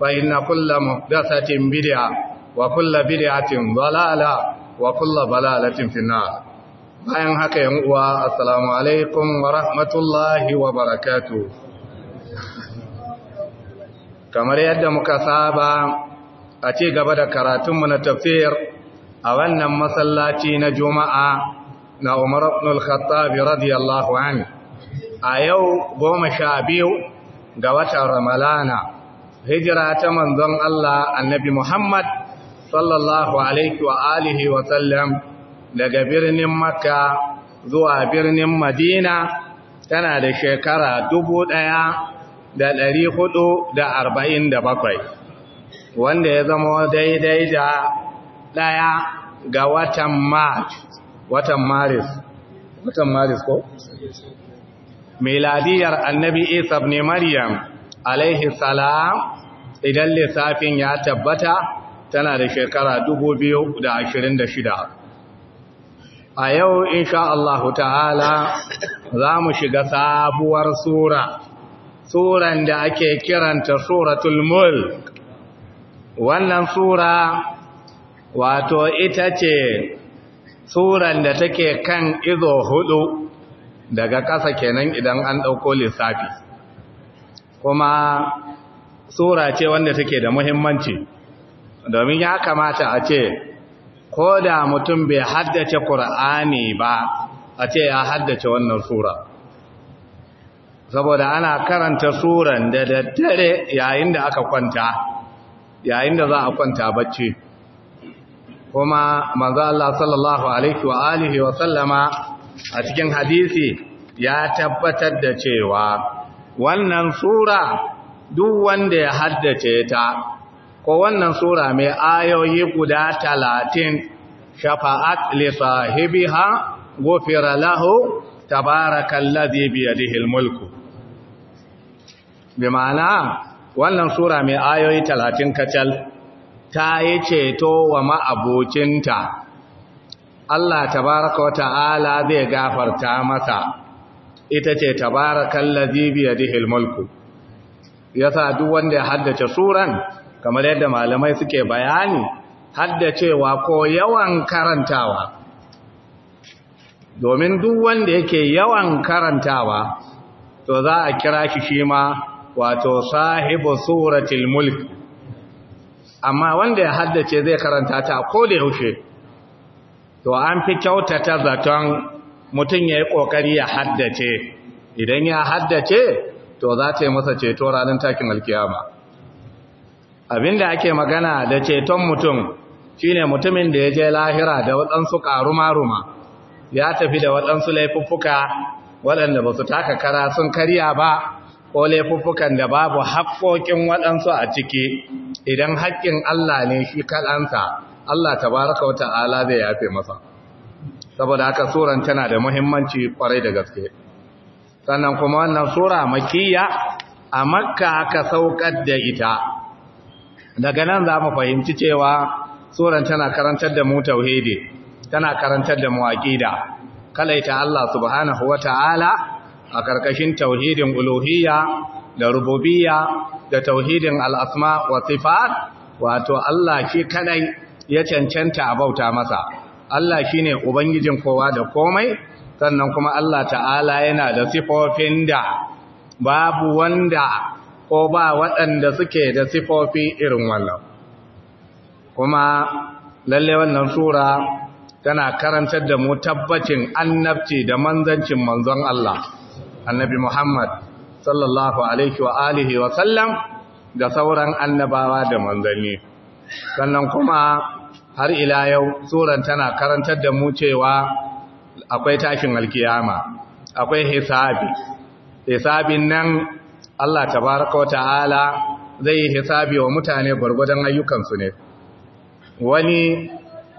فإن كل محدثة بدعة وكل بدعة ضلالة وكل ضلالة في النار bayan haka yan uwa assalamu alaikum wa rahmatullahi wa barakatu kamar yadda muka saba a ci gaba da karatunmu na tafsir a wannan masallaci na juma'a na umar ibn al radiyallahu anhu a yau goma sha biyu ga watan ramalana hijira ta manzon Allah annabi Muhammad sallallahu alaihi wa alihi wa sallam daga birnin Makka zuwa birnin Madina tana da shekara dubu ɗaya da hudu da arba'in da bakwai wanda ya zama daidai da daya ga watan March watan Maris watan Maris ko? Miladiyar annabi Isa ne Maryam alaihi salam idan lissafin ya tabbata tana da shekara 2026 a yau insha Allah ta'ala za mu shiga sabuwar sura suran da ake kiranta suratul mulk wannan sura wato ita ce suran da take kan izo hudu daga ƙasa kenan idan an ɗauko lissafi kuma sura ce wanda take da muhimmanci domin ya kamata a ce ko da mutum bai haddace ƙur'ani ba a ce ya haddace wannan sura saboda ana karanta suran da daddare yayin da aka kwanta yayin da za a kwanta bacci kuma manzo Allah sallallahu alaihi wa wa sallama a cikin hadisi ya tabbatar da cewa wannan sura duk wanda ya haddace ta ko wannan sura mai ayoyi guda talatin shafa'at li sahibiha gufira lahu tabarakalladhi bi almulku bi ma'ana wannan sura mai ayoyi talatin kacal ta yi ceto wa ma'abocinta Allah tabaraka wa ta'ala zai gafarta masa ita ce tabarakan lazibi ya dihil mulku ya sa duk wanda ya haddace suran kamar yadda malamai suke bayani haddacewa ko yawan karantawa domin duk wanda yake yawan karantawa to za a kira shi shi ma wato sahibu tsoratil mulk amma wanda ya haddace zai karanta ta ko da yaushe to an fi kyautata zaton mutum ya yi ƙoƙari ya haddace idan ya haddace to za ta yi masa ceto ranar takin alkiyama abinda ake magana da ceton mutum shine mutumin da ya je lahira da waɗansu ƙaruma-ruma ya tafi da waɗansu laifuffuka waɗanda ba su taka kara sun karya ba ko laifuffukan da babu haƙƙoƙin waɗansu a ciki idan haƙƙin Allah ne shi kaɗansa Allah tabaraka Wata'ala ala zai yafe masa saboda haka suran tana da muhimmanci kwarai da gaske sannan kuma wannan sura makiyya a makka aka saukar da ita daga nan za mu fahimci cewa suran tana karantar da mu tauhidi tana karantar da mu aqida kalaita Allah subhanahu Ta'ala, a karkashin tauhidin uluhiyya da rububiyya da tauhidin al'asma asma wa sifat wato Allah shi kadai ya cancanta a bauta masa Allah shi ne ubangijin kowa da komai sannan kuma Allah ta'ala yana da sifofin da babu wanda ko ba waɗanda suke da sifofi irin wannan kuma lalle wannan sura tana karantar da mu tabbacin annabci da manzancin manzon Allah annabi Muhammad sallallahu alaihi wa alihi wa sallam da sauran annabawa da manzanni sannan kuma har ila yau tsoron tana karantar da mu cewa akwai tashin alkiyama akwai hisabi hisabin nan Allah tabaraka wata'ala zai yi hisabi wa mutane gwargwadon ayyukansu ne wani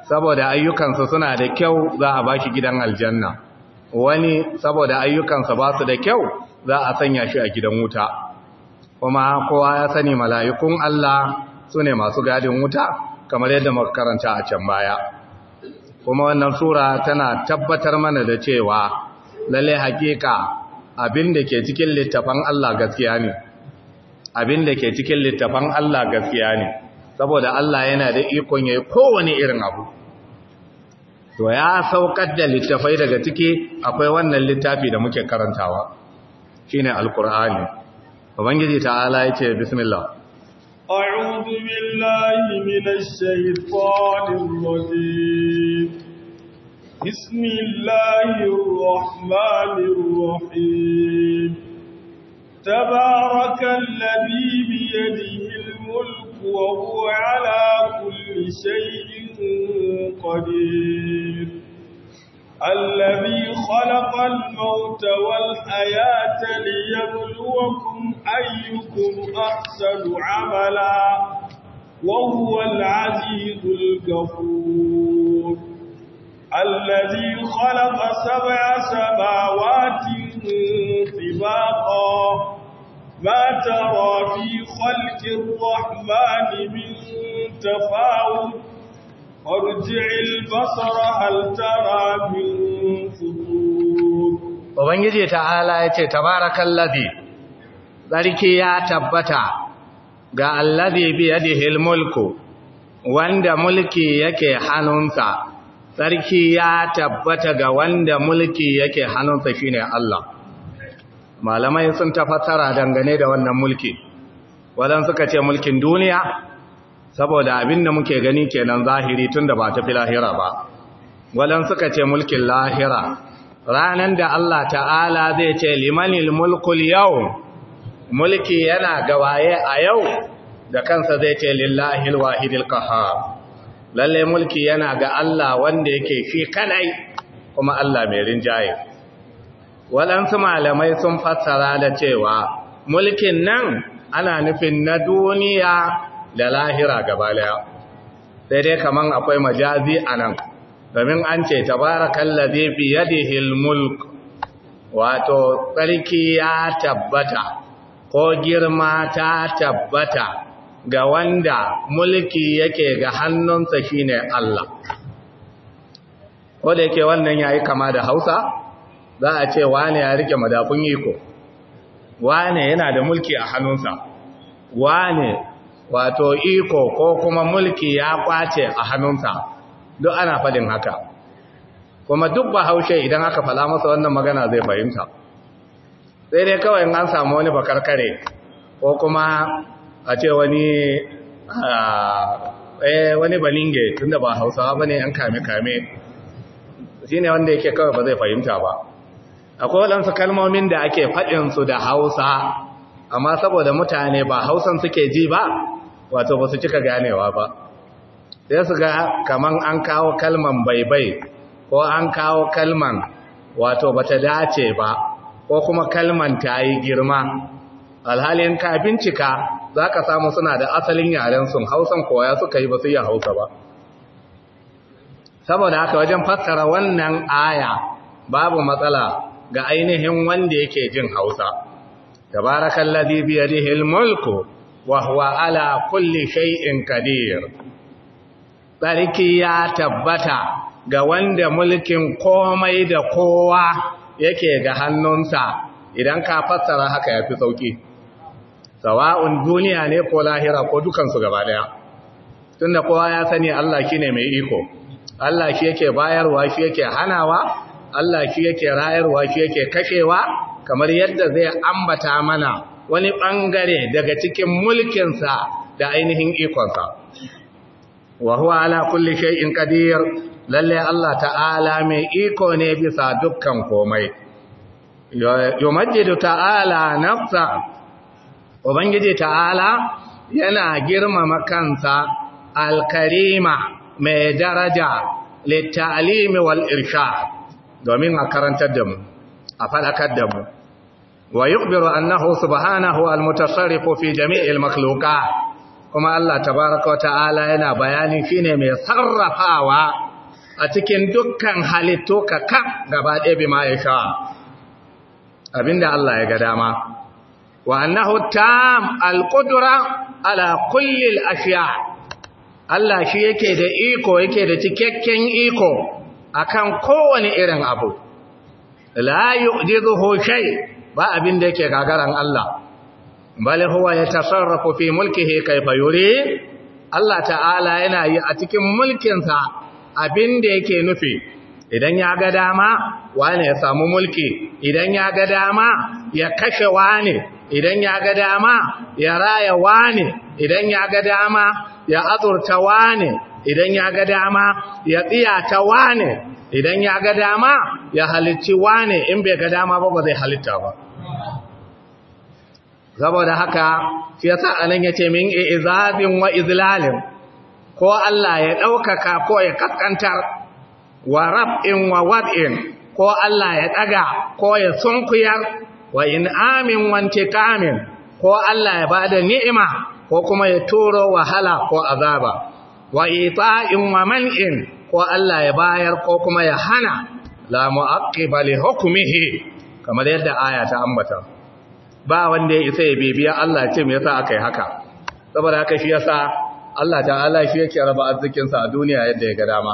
saboda ayyukansu suna da kyau za a bashi gidan aljanna wani saboda ayyukansa ba su da kyau za a sanya shi a gidan wuta kuma kowa ya sani mala'ikun Allah su ne masu gadin wuta kamar yadda makaranta a can baya kuma wannan sura tana tabbatar mana da cewa lalle haƙiƙa abin da ke cikin littafan Allah gaskiya ne abin da ke cikin littafan Allah gaskiya ne saboda Allah yana da ikon yayi kowane irin abu to ya saukar da littafai daga ciki akwai wannan littafi da muke karantawa shine alqur'ani ubangiji ta'ala yace bismillah أعوذ بالله من الشيطان الرجيم بسم الله الرحمن الرحيم تبارك الذي بيده الملك وهو على كل شيء قدير الذي خلق الموت والحياة ليبلوكم أيكم أحسن عملا وهو العزيز الكفور الذي خلق سبع سماوات طباقا ما ترى في خلق الرحمن من تفاوت ارجع البصر هل ترى من فطور وبنجي تعالى يتي تبارك الذي barki ya tabbata ga alladhi bi yadihi almulku wanda mulki yake hannunsa sarki ya tabbata ga wanda mulki yake hannunsa shine Allah malamai sun tafassara dangane da wannan mulki wadan suka ce mulkin duniya saboda abin da muke gani kenan zahiri tun da ba fi lahira ba walan suka ce mulkin lahira Ranar da Allah ta'ala zai ce limanil mulkul yau mulki yana gawaye a yau da kansa zai ce lillahi alwahidil qahhar lalle mulki yana ga Allah wanda yake fi kanai kuma Allah mai rinjaye waɗansu malamai sun fassara da cewa mulkin nan ana nufin na duniya da lahira gaba daya sai dai kaman akwai majazi anan domin an ce ladhi bi yadihi almulk wato tsarki ya tabbata ko girma ta tabbata ga wanda mulki yake ga hannunsa shine Allah ko da yake wannan yayi kama da Hausa za a ce wane ya rike madafun iko wane yana da mulki a hannunsa wane wato iko ko kuma mulki ya kwace a hannunsa duk ana fadin haka kuma duk ba haushe idan aka faɗa masa wannan magana zai fahimta sai dai kawai in an samu wani bakarkare ko kuma a ce wani ah, eh wani balinge tunda ba hausawa bane yan kame kame shine wanda yake kawai ba zai fahimta ba akwai waɗansu kalmomin da ake faɗinsu da hausa amma saboda mutane ba hausan suke ji ba wato ba su cika ganewa ba sai su ga kaman an kawo kalman baibai ko an kawo kalman wato ba ta dace ba ko kuma kalman ta yi girma alhalin ka bincika za ka samu suna da asalin yaren sun hausan koya suka yi ba su yi hausa ba saboda haka wajen fassara wannan aya babu matsala ga ainihin wanda yake jin hausa tabarakallazi ladibi ya mulku wa huwa ala kulli shay'in qadir ya tabbata ga wanda mulkin komai da kowa yake ga hannunsa idan ka fassara haka yafi sauki sawa'un duniya ne ko lahira ko dukansu gaba daya tunda kowa ya sani Allah shine mai iko Allah shi yake bayarwa shi yake hanawa Allah shi yake rayarwa shi yake kashewa kamar yadda zai ambata mana wani ɓangare daga cikin mulkinsa da ainihin ikonsa wa huwa ala kulli shay'in qadir lalle Allah ta'ala mai iko ne bisa dukkan komai yumajjidu ta'ala nafsa ubangiji ta'ala yana girmama kansa alkarima mai daraja littalimi wal irsha domin a karantar da mu a faɗakar da mu wa yukhbiru annahu subhanahu al-mutasarrifu fi jami'il makhluqat kuma Allah tabaraka wata'ala yana bayanin shine mai sarrafawa a cikin dukkan halittu ka kan gaba ɗaya bi abinda Allah ya ga dama wa annahu tam al-qudra ala kulli al-ashya Allah shi yake da iko yake da cikakken iko akan kowane irin abu la yu'jizuhu shay' ba abin da yake gagaran Allah bale huwa yatasarrafu fi mulkihi kayfa yuri Allah ta'ala yana yi a cikin mulkinsa abin da yake nufi idan ya ga dama wane ya samu mulki idan ya ga dama ya kashe wane idan ya ga dama ya raya wane idan ya ga dama ya azurta wane idan ya ga dama ya tsiyata wane idan ya ga dama ya halicci wane in bai ga dama ba ba zai halitta ba saboda haka fiye sa anan yace min izabin wa izlalin ko Allah ya ɗaukaka, ko ya kaskantar wa rab'in wa wad'in ko Allah ya ɗaga, ko ya sunkuyar wa in'amin wa kamin, ko Allah ya bada ni'ima ko kuma ya turo wahala ko azaba wa ita'in wa man'in ko Allah ya bayar ko kuma ya hana la mu'aqqiba li hukmihi kamar yadda aya ta ambata ba wanda ya isa ya bibiya Allah ce me yasa aka yi haka saboda haka shi yasa Allah ta'ala shi yake raba arzikinsa a duniya yadda ya ga dama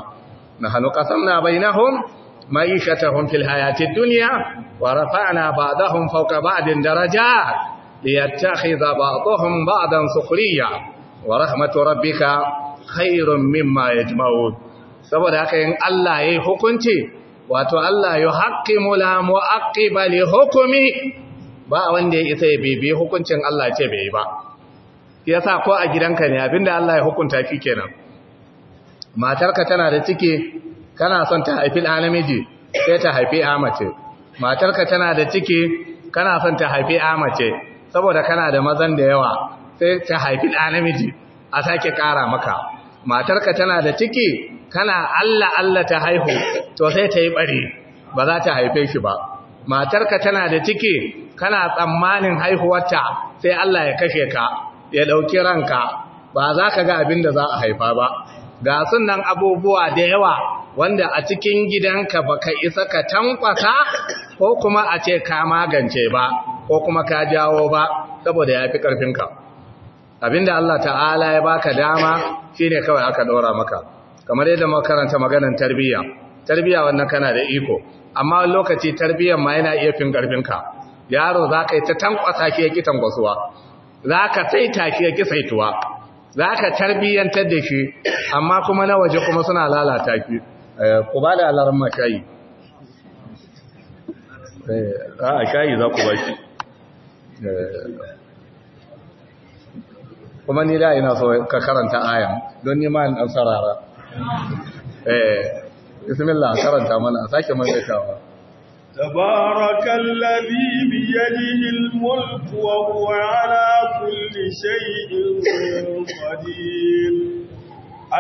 nahnu qasamna bainahum ma'ishatahum fil hayatid duniya wa rafa'na ba'dahum ba ba'din tsohon ba ba'dahum ba'dan sukhriya wa rahmatu rabbika khairun mimma yajma'un saboda haka in Allah yi hukunci wato Allah yuhaqqimu la mu'aqqiba li hukumi. ba a wanda ya isa ya bibiye hukuncin Allah ce bai yi ba sa ko a gidanka ne abinda Allah ya hukunta fi kenan matarka tana da ciki kana son ta haifi ɗa namiji sai ta haifi Amace. mace matarka tana da ciki kana son ta haifi Amace mace saboda kana da mazan da yawa sai ta haifi ɗa namiji a sake ƙara maka matarka tana da ciki kana Allah Allah ta haihu to sai ta yi bare ba za ta haife shi ba matarka tana da ciki kana tsammanin haihuwarta sai Allah ya kashe ka ya ɗauki ranka ba za ka ga abin da za a haifa ba ga sunan abubuwa da yawa wanda a cikin gidanka baka isa ka tankwasa ko kuma a ce ka magance ba ko kuma ka jawo ba saboda ya fi ƙarfinka abinda Allah ta'ala ya baka dama shine kawai aka ɗora maka kamar yadda karanta maganar tarbiyya tarbiyya wannan kana da iko amma lokaci tarbiyyar ma yana iya fin ƙarfinka yaro za ka yi ta tankwasa shi ya ƙi tankwasuwa za ka saita shi ya saituwa za ka tarbiyyantar da shi amma kuma na waje kuma suna lalata shi eh, ku ba da alarin mashayi eh, a shayi za ku ba shi eh, kuma ni da ina so ka karanta ayan don nima in ɗan sarara bismillah karanta mana a sake shawara تبارك الذي بيده الملك وهو على كل شيء قدير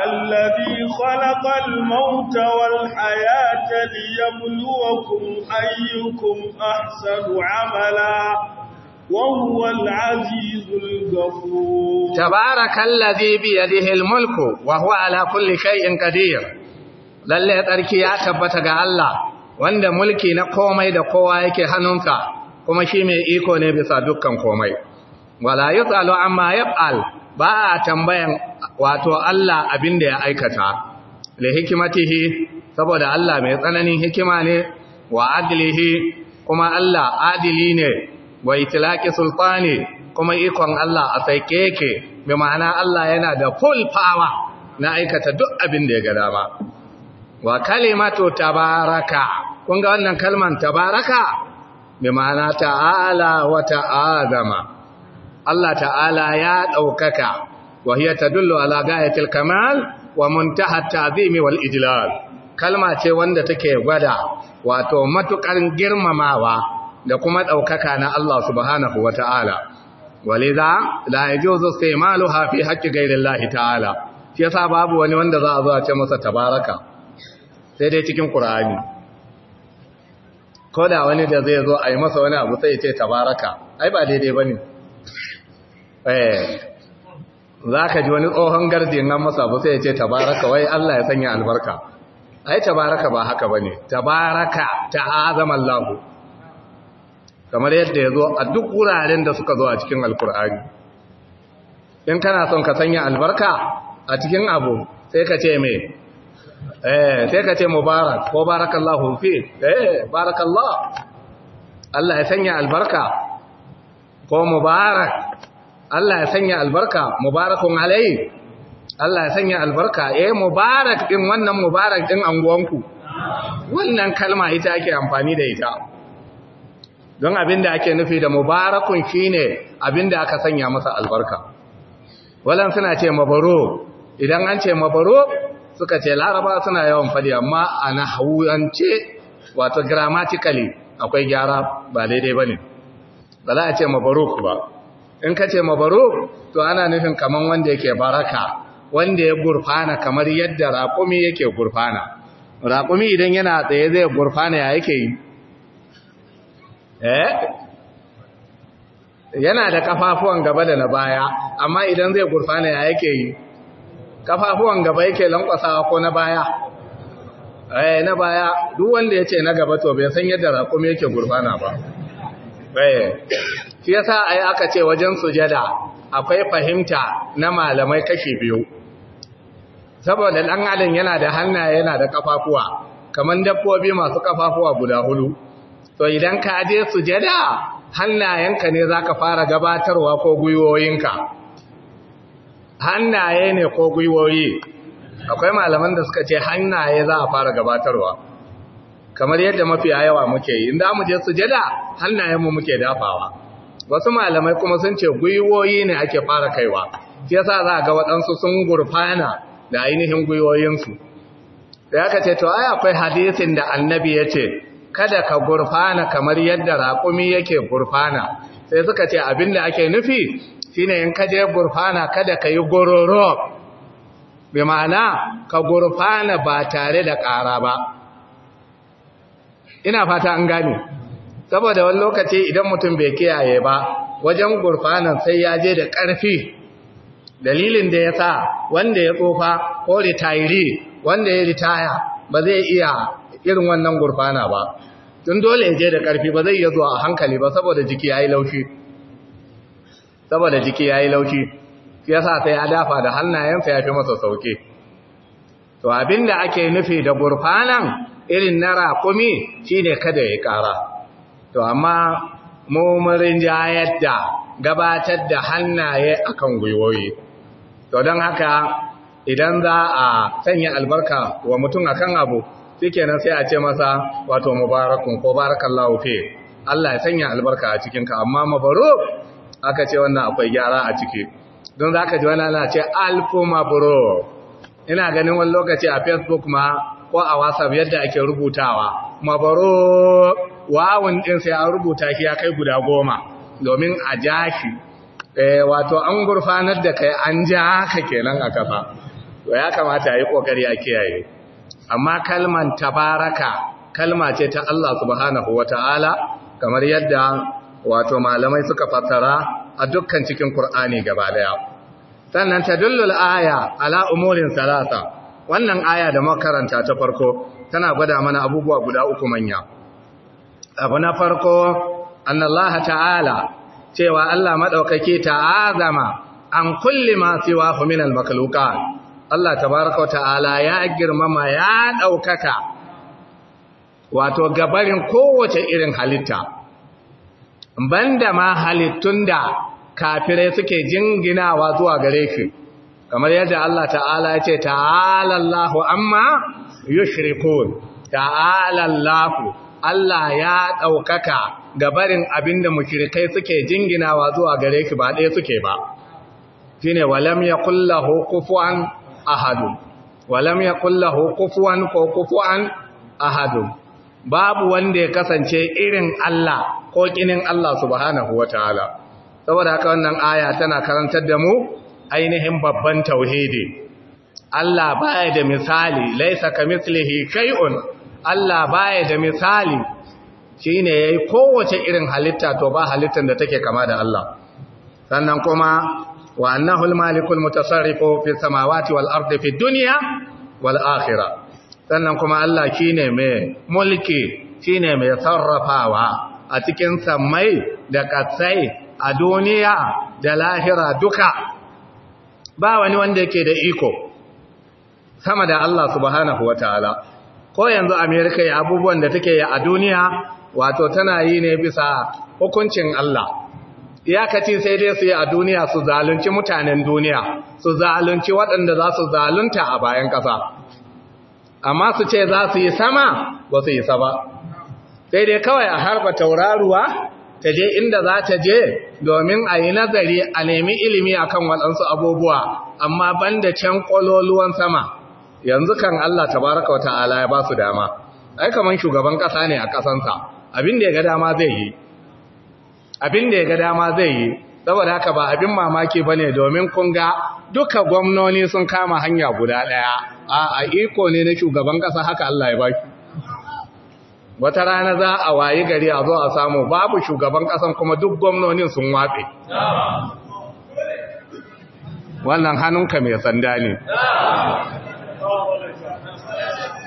الذي خلق الموت والحياة ليبلوكم أيكم أحسن عملا وهو العزيز الغفور تبارك الذي بيده الملك وهو على كل شيء قدير للي تركي يا الله wanda mulki na komai da kowa yake hannunka kuma shi mai iko ne bisa dukkan komai wala yusalu amma yaqal ba a tambayan wato Allah abin da ya aikata li hikimatihi saboda Allah mai tsananin hikima ne wa adlihi kuma Allah adili ne wa itlaqi sultani kuma ikon Allah a saike yake bi ma'ana Allah yana da full power na aikata duk abin da ya ga dama wa kalimatu tabaraka kun ga wannan kalman tabaraka bi ma'ana ta'ala wa ta'azama Allah ta'ala ya daukaka wa hiya tadullu ala ghayatil kamal wa muntaha ta'zimi wal ijlal kalma ce wanda take gwada wato matukar girmamawa da kuma ɗaukaka na Allah subhanahu wa ta'ala, waliza la yajuzu istimaluha fi sai malu hafi haƙƙi lahi ta'ala, shi yasa babu wani wanda za a zo a ce masa tabaraka, sai dai cikin ƙura'ani ko da wani da zai zo a yi masa wani abu sai ce tabaraka ai ba daidai ba ne eh, za ka ji wani tsohon garji nan masa abu sai ce tabaraka wai Allah ya sanya albarka ai tabaraka ba haka ba ne tabaraka ta azaman lahu kamar yadda ya zo a duk wuraren da suka zo a cikin alkur'ani in kana son ka sanya albarka a cikin abu sai ka ce mai eh sai ka ce mubarak ko barakallahu fi eh barakallahu Allah ya sanya albarka ko mubarak Allah ya sanya albarka mubarakun alai Allah ya sanya albarka eh mubarak din wannan mubarak din anguwanku wannan kalma ita ake amfani da ita don abinda ake nufi da mubarakun shine abinda aka sanya masa albarka walan suna ce mabaro idan an ce mabaro suka ce laraba suna yawan fadi amma a nahawance wato grammatically akwai gyara ba daidai bane ba za a ce mabaruk ba in ka ce mabaruk to ana nufin kaman wanda yake baraka wanda ya gurfana kamar yadda raƙumi yake gurfana raƙumi idan yana tsaye zai gurfana ya yake yi eh yana da kafafuwan gaba da na baya amma idan zai gurfana ya yake yi kafafuwan gaba yake lankwasawa ko na baya eh na baya duk wanda yace na gaba to bai san yadda rakumi yake gurbana ba eh shi yasa ai aka ce wajen sujada akwai fahimta na malamai kashi biyu saboda dan adam yana da hannaye yana da kafafuwa kaman dabbobi masu kafafuwa guda hudu to idan ka je sujada hannayenka ne zaka fara gabatarwa ko guyoyinka hannaye ne ko gwiwoyi akwai malaman da suka ce hannaye za a fara gabatarwa kamar yadda mafi yawa muke yi inda mu je sujada hannayen mu muke dafawa wasu malamai kuma sun ce gwiwoyi ne ake fara kaiwa shi yasa za a ga waɗansu sun gurfana da ainihin gwiwoyinsu da aka ce to ai akwai hadisin da annabi ya ce kada ka gurfana kamar yadda raƙumi yake gurfana sai suka ce abin da ake nufi shine in kaje gurfana kada ka yi gororo bi ma'ana ka gurfana ba tare da ƙara ba ina fata an gane saboda wani lokaci idan mutum bai kiyaye ba wajen gurfanan sai ya je da ƙarfi dalilin da ya sa wanda ya tsofa ko ritayiri wanda ya ritaya ba zai iya irin wannan gurfana ba tun dole ya je da ƙarfi ba zai iya zuwa a hankali ba saboda jiki ya yi laushi saboda jiki ya yi laushi ya sa sai ya dafa da hannayensa ya fi masa sauke to abinda ake nufi da gurfanan irin na shi shine kada ya kara to amma mummurin jayar da gabatar da hannaye akan gwiwoyi to don haka idan za a sanya albarka wa mutum akan abu nan sai a ce masa wato mubarakun ko barakan fi Allah ya sanya albarka a cikinka amma mabaruk aka ce wannan akwai gyara a ciki don za ka ji wani ana ce ina ganin wani lokaci a facebook ma ko a whatsapp yadda ake rubutawa mabro wawun ɗin sai an rubuta ki ya kai guda goma domin a ja ki eh, wato an gurfanar da kai an ja ke kenan a kafa ya kamata a yi ƙoƙari a kiyaye amma kalman tabaraka kalma ce ta Allah subhanahu wa ta'ala kamar yadda wato malamai suka fassara a dukkan cikin Kur'ani gaba daya sannan tadullul aya ala umurin salasa wannan aya da makaranta ta farko tana gwada mana abubuwa guda uku manya abu na farko annallaha ta'ala cewa Allah madaukake azama, an kulli ma siwa hu minal makhluqat Allah tabaaraka ta'ala ya girmama ya daukaka wato gabarin kowace irin halitta banda ma halittun da kafirai suke jinginawa zuwa gare shi kamar yadda Allah ta'ala ya ce ta'ala Allahu amma yushrikun ta'ala Allahu Allah ya ɗaukaka barin abinda mushrikai suke jinginawa zuwa gare shi ba ɗaya suke ba shine walam yaqul lahu kufuwan ahadun walam yaqul lahu kufuwan ko kufuwan ahadun babu wanda ya kasance irin Allah ko kinin Allah subhanahu ta'ala saboda haka wannan aya tana karantar da mu ainihin babban tauhidi Allah baya da misali laisa kamithlihi kai'un Allah baya da misali shine yayi kowace irin halitta to ba halittar da take kama da Allah sannan kuma wa annahu al-malikul mutasarrifu fi samawati wal ardi fi dunya wal akhirah sannan kuma Allah shi ne mai mulki shi ne mai sarrafawa a cikin samai da katsai a duniya da lahira duka ba wani wanda yake da iko sama da Allah subhanahu ta'ala ko yanzu amerika ya abubuwan da take yi a duniya wato tana yi ne bisa hukuncin Allah iyakaci sai dai su yi a duniya su zalunci mutanen duniya su zalunci waɗanda za su zalunta a bayan ƙasa amma su ce za su yi sama ba su yi ba. sai dai kawai a harba tauraruwa ta je inda za ta je domin a yi nazari a nemi ilimi a kan waɗansu abubuwa amma banda can ƙwaloluwan sama yanzu kan Allah tabaraka wa ta'ala ya ba su dama ai kaman shugaban ƙasa ne a ƙasansa abin abin da ya ga dama zai yi saboda haka ba abin mamaki ba ne domin kunga duka gwamnoni sun kama hanya guda ɗaya a iko ne na shugaban ƙasa haka Allah ya baki wata rana za a wayi gari a zo a samu babu shugaban ƙasan kuma duk gwamnonin sun watse wannan hannunka mai sanda ne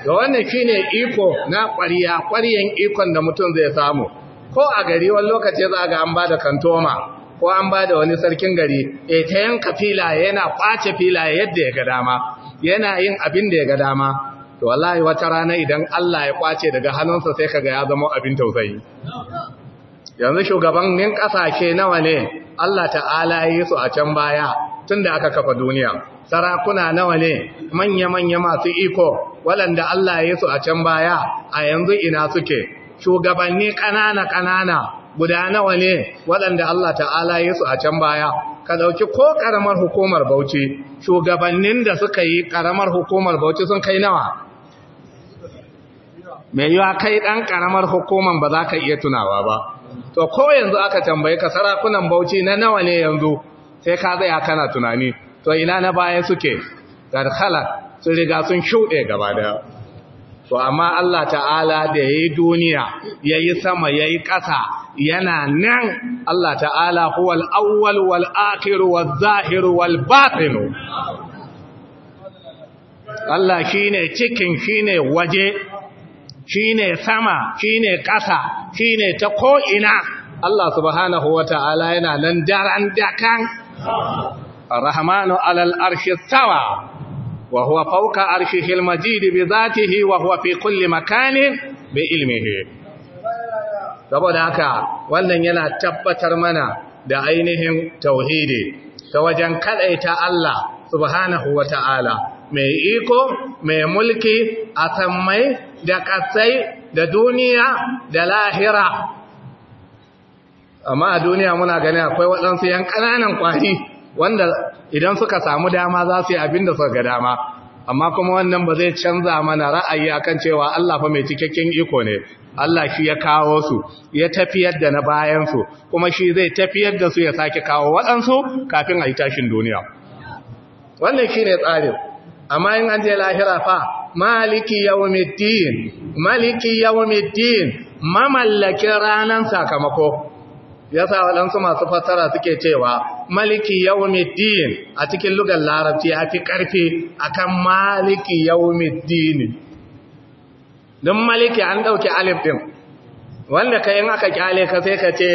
da wannan shi ne iko na ƙwariya ƙwariyan ikon da mutum zai samu ko a gari wani lokaci za ga an ba da kantoma ko an ba da wani sarkin gari e ta yanka filaye yana kwace filaye yadda ya ga dama yana yin abin da ya ga dama to wallahi wata rana idan Allah ya kwace daga hannunsa sai kaga ya zama abin tausayi yanzu shugabannin kasashe nawa ne Allah ta'ala yi su a can baya tunda aka kafa duniya sarakuna nawa ne manya-manya masu iko waɗanda Allah ya yi su a can baya a yanzu ina suke shugabanni ƙanana-ƙanana guda nawa ne waɗanda Allah ta'ala ya su a can baya ka ɗauki ko ƙaramar hukumar Bauchi shugabannin da suka yi ƙaramar hukumar Bauchi sun kai nawa mai yiwa kai ɗan ƙaramar hukuman ba za ka iya tunawa ba to ko yanzu aka tambaye ka sarakunan Bauchi na nawa ne yanzu sai ka zai kana tunani to ina na baya suke garkhala sun riga sun shuɗe gaba daya to amma Allah ta'ala da yayi duniya yayi sama yayi yi ƙasa yana nan Allah ta'ala huwal awwal wal akhir waz zahir wal batin Allah shine cikin shine waje shine sama shine ƙasa shine ta ko ina Allah subhanahu wata'ala yana nan daran dakan Rahmanu alal arshi tawa wa huwa fawqa arshihi al-majid bi dhatihi wa huwa fi kulli makanin bi ilmihi saboda haka wannan yana tabbatar mana da ainihin tauhidi ta wajen kadaita Allah subhanahu wata'ala ta'ala mai iko mai mulki a sammai da ƙasai da duniya da lahira amma a duniya muna gani akwai waɗansu yan ƙananan kwari. wanda idan suka samu dama za su yi abin da suka ga dama amma kuma wannan ba zai canza mana ra'ayi akan cewa Allah fa mai cikakken iko ne Allah shi ya kawo su ya tafiyar da na bayan su kuma shi zai tafiyar da su ya sake kawo waɗansu kafin a yi tashin duniya wannan shine tsarin amma in an je lahira fa maliki yawmiddin maliki yawmiddin mamallakin ranan sakamako yasa waɗansu masu fassara suke cewa maliki yawmiddin a cikin lugar larabci ya fi karfi akan maliki yawmiddin don maliki an ɗauki alif din wanda ka in aka kyale ka sai ka ce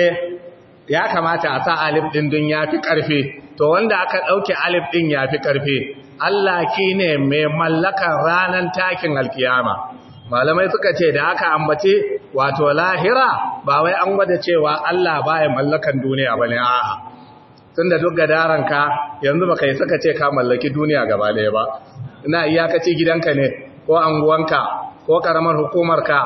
ya kamata a sa alif din don ya fi karfi to wanda aka ɗauki alif din ya fi karfi Allah ki ne mai mallakan ranar takin alkiyama malamai suka ce da aka ambace wato lahira ba wai an gwada cewa Allah baya mallakan duniya ba ne? a'a tun da duk daranka yanzu baka yi saka ce ka mallaki duniya gaba ɗaya ba ina iyakaci gidanka ne ko anguwanka ko karamar hukumarka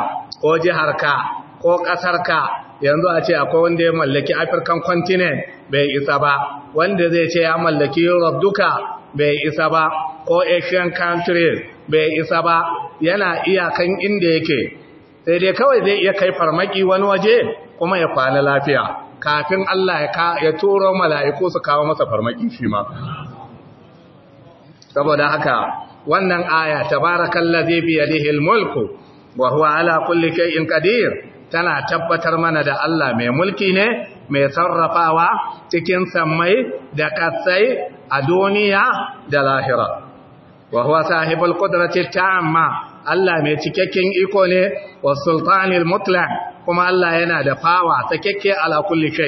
ko jiharka ko ƙasarka yanzu a ce akwai wanda ya mallaki african continent bai isa ba wanda zai ce ya mallaki europe duka bai isa ba ko asian countries bai isa ba yana iyakan inda yake sai dai kawai zai iya kai farmaki wani waje kuma ya kwana lafiya kafin Allah ya turo mala'iku su kawo masa farmaki shi ma saboda haka wannan aya ta tabarakallazi bi yadihi almulku wa huwa ala kulli in kadir tana tabbatar mana da Allah mai mulki ne mai sarrafawa cikin sammai da katsai a duniya da lahira wa huwa sahibul ta ta'amma Allah mai cikakken iko ne wa sultanil mutla kuma Allah yana da fawa ta kekke ala kulli ya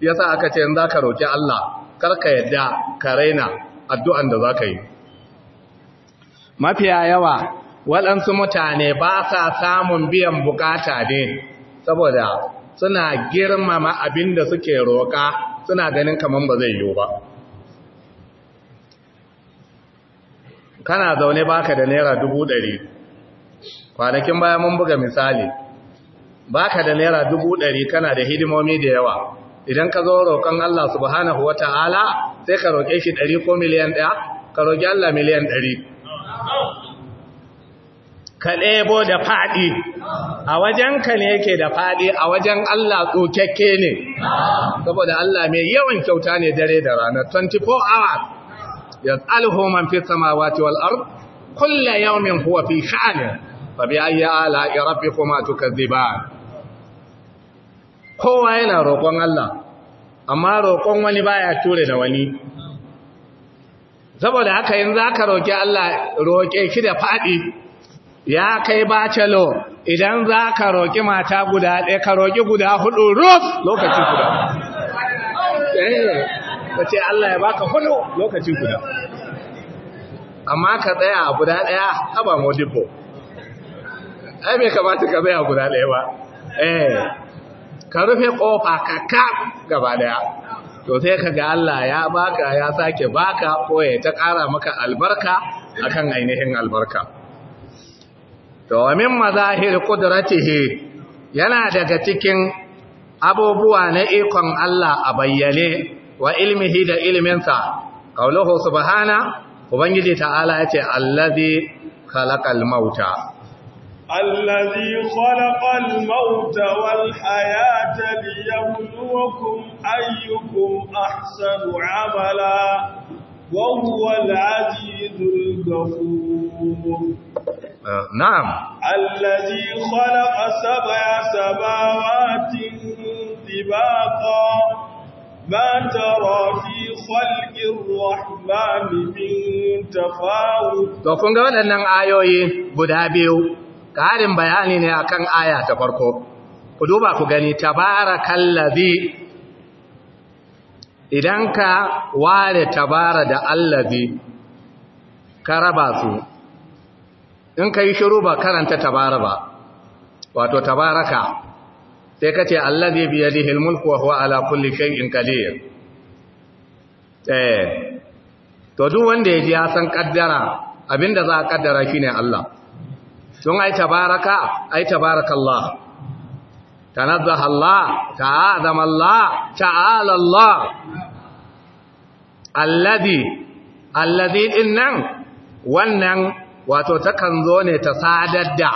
yasa aka ce in zaka roki Allah kar ka yadda ka raina addu'an da zaka yi mafiya yawa waɗansu mutane ba sa samun biyan bukata ne saboda suna girmama abin da suke roƙa suna ganin kamar ba zai yiwu ba kana zaune baka da naira dubu ɗari kwanakin baya mun buga misali baka da naira dubu ɗari kana da hidimomi da yawa idan ka zo roƙon Allah subhanahu Ta'ala sai ka roƙe shi ɗari ko miliyan ɗaya ka roƙi Allah miliyan ɗari ka ɗebo da faɗi a wajenka ne yake da faɗi a wajen Allah tsokekke ne saboda Allah mai yawan kyauta ne dare da rana 24 hours yas'aluhu man fi samawati wal ard kullu yawmin huwa fi sha'ani fa bi ayyi ala'i rabbikuma tukazziban kowa yana roƙon Allah amma roƙon wani baya ture da wani saboda haka yin za ka roƙi Allah roƙe ki da faɗi ya kai bacelo idan za ka roƙi mata guda ɗaya ka roƙi guda hudu ruf lokaci guda eh, ka ce Allah ya baka hudu lokaci guda amma ka tsaya a guda ɗaya haba modibbo ai mai kamata ka tsaya a guda ɗaya ba eh ka rufe ƙofa ka ka gaba daya to sai ka ga Allah ya baka ya sake baka ko ya ta ƙara maka albarka akan ainihin albarka to min mazahir qudratihi yana daga cikin abubuwa na ikon Allah a bayyane wa ilmihi da ilminsa qauluhu subhana ubangiji ta'ala yace allazi khalaqal mauta الذي خلق الموت والحياة ليبلوكم أيكم أحسن عملا وهو العزيز الغفور نعم الذي خلق سبع سماوات طباقا ما ترى في خلق الرحمن من تفاوت to kun ga waɗannan ayoyi guda biyu ƙarin bayani ne akan aya ta farko ku duba ku gani tabarakallazi idan ka ware tabara da allazi ka raba su in ka yi shiru ba karanta tabara ba wato tabaraka sai ka ce allazi biyadihi almulku kuwa huwa ala kulli shay'in qadir eh to duk wanda ya ji ya san kaddara abinda za a kaddara shine Allah don ai tabaraka ai tabarakallah tanazzaha Allah ta'azama Allah ta'ala Allah alladhi alladhi innan wannan wato takan zo ne ta sadadda.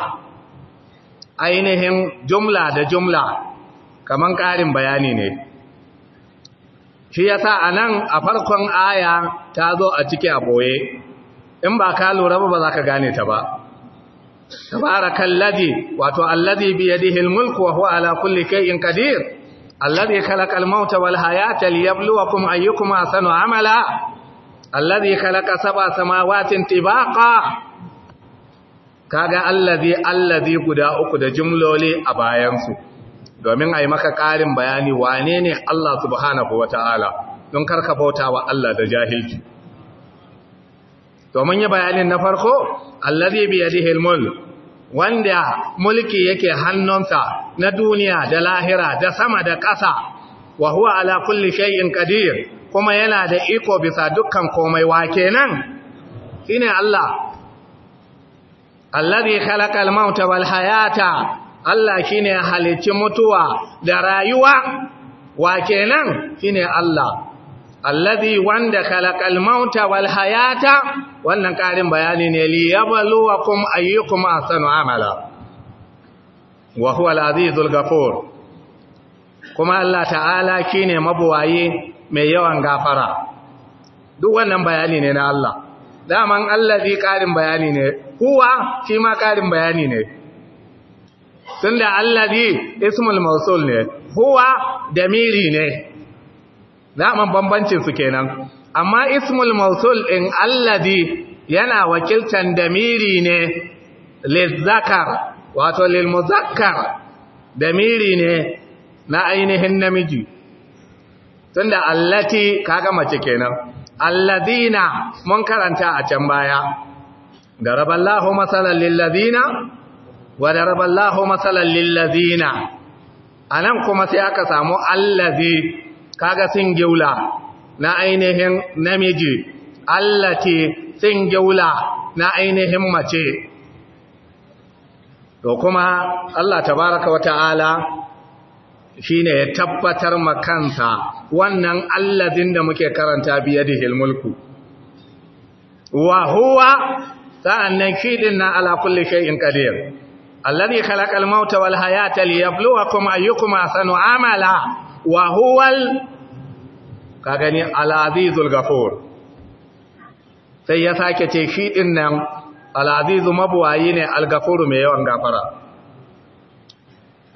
ainihin jumla da jumla kaman ƙarin bayani ne shi yasa anan a farkon aya ta zo a ciki a boye in ba ka lura ba ba za ka gane ta ba tabarakallazi wato allazi bi yadihi almulku wa huwa ala kulli shay'in qadir allazi khalaqa almauta wal hayata liyabluwakum ayyukum ahsanu amala allazi khalaqa sab'a samawatin tibaqa kaga allazi allazi guda uku da jumloli a bayansu domin a yi maka ƙarin bayani wane ne Allah subhanahu wa don karka bauta wa Allah da jahilci domin yi bayanin na farko allazi bi yadihi almul wanda mulki yake hannunsa na duniya da lahira da sama da ƙasa wa huwa ala kulli shay'in qadir kuma yana da iko bisa dukkan komai wa kenan shine Allah alladhi khalaqa al-mauta wal hayata Allah shine halicci mutuwa da rayuwa wa kenan shine Allah alladhi wanda khalaqal mauta wal hayata wannan karin bayani ne li yabluwakum ayyukum ahsanu amala wa huwa al azizul ghafur kuma Allah ta'ala Kine mabuwaye mai yawan gafara duk wannan bayani ne na Allah daman allazi karin bayani ne huwa shi ma karin bayani ne tunda allazi ismul mausul ne huwa damiri ne daman bambancin su kenan amma ismul mausul in alladi yana wakiltan damiri ne lizakar. wato lilmuzakkar damiri ne na ainihin namiji tunda allati kaga mace kenan alladina mun karanta a can baya raballahu matsalar lilladina wa matsalar masalan A anan kuma sai aka samu allazi kaga singular na ainihin namiji allati singular na ainihin mace to kuma Allah tabaraka wata'ala shine ya tabbatar makansa wannan alladin da muke karanta biye da hilmulku wa huwa sa'annan shi din na ala kulli shay'in qadir alladhi khalaqa al-mauta wal hayata liyabluwakum ayyukum ahsanu amala wa huwal ka gani al'azizul gafur sai ya sake ce shi ɗin nan al'azizu mabuwayi ne al-gafuru mai yawan gafara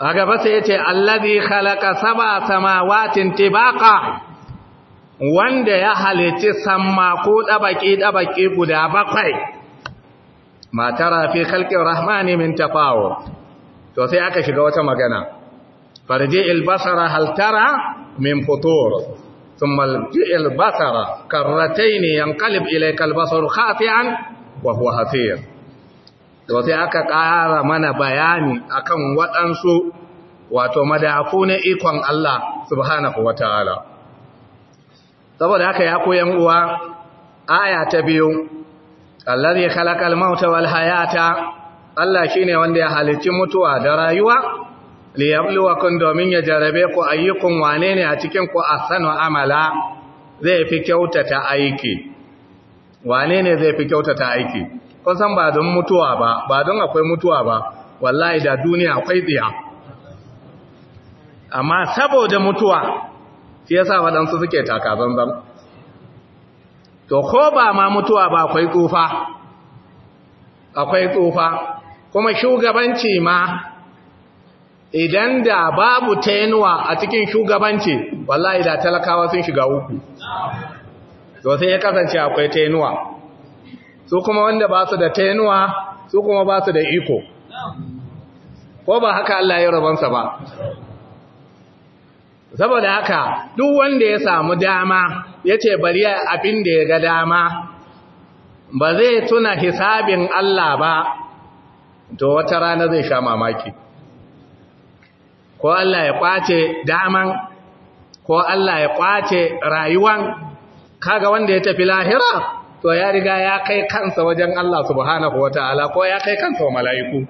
a gaba sai ya ce allazi khalaqa saba samawatin tibaqa wanda ya halici samma ko dabaki dabaki guda bakwai matara fi khalqir rahmani min tafawo to sai aka shiga wata magana farji albasara hal tara min futur thumma alji albasara karratayn yanqalib ilayka albasaru khafi'an wa huwa hafir aka ƙara mana bayani akan waɗansu wato madafu na ikon Allah subhanahu Ta'ala. saboda haka ya koyan uwa aya ta biyu allazi khalaqal mauta wal hayata Allah shine wanda ya halicci mutuwa da rayuwa liyabluwakum domin ya jarabe ku ayyukun wane ne a cikin ku asanu amala zai fi kyautata aiki wane ne zai fi kyautata aiki kun san ba don mutuwa ba ba don akwai mutuwa ba wallahi da duniya akwai tsiya amma saboda mutuwa shi yasa waɗansu suke taka zanzan to ko ba ma mutuwa ba akwai tsufa akwai tsufa kuma shugabanci ma idan da babu tenuwa a cikin shugabanci wallahi da talakawa sun shiga uku to sai ya kasance akwai tenuwa su kuma wanda ba su da tenuwa su kuma ba su da iko ko ba haka Allah ya rabansa ba saboda haka duk wanda ya samu dama ya ce bari abin da ya ga dama ba zai tuna hisabin Allah ba to wata rana zai sha mamaki ko Allah ya kwace daman ko Allah ya kwace rayuwan kaga wanda ya tafi lahira to ya riga ya kai kansa wajen Allah subhanahu wataala ko ya kai kansa wa mala'iku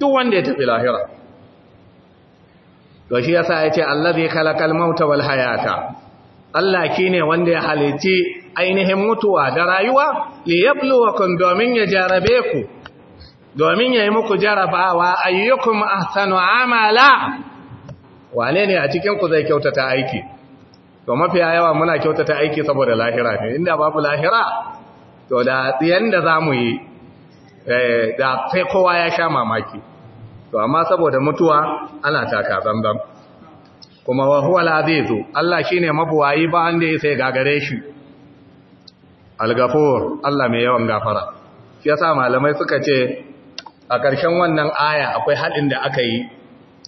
duk wanda ya tafi lahira to shi yasa yace allazi khalaqal mauta wal hayata Allah kine wanda ya halici ainihin mutuwa da rayuwa liyabluwakum domin ya jarabe ku domin ya yi muku jarabawa ayyukum ahsanu amala wane ne a cikin ku zai kyautata aiki to mafiya yawa muna kyautata aiki saboda lahira ne inda babu lahira to da tsiyan da zamu yi eh, da sai kowa ya sha mamaki to amma saboda mutuwa ana taka zanzan kuma wa huwa al-azizu Allah shine mabuwayi ba wanda ya sai gare shi al gafur Allah mai yawan gafara shi yasa malamai suka ce a ƙarshen wannan aya akwai haɗin da aka yi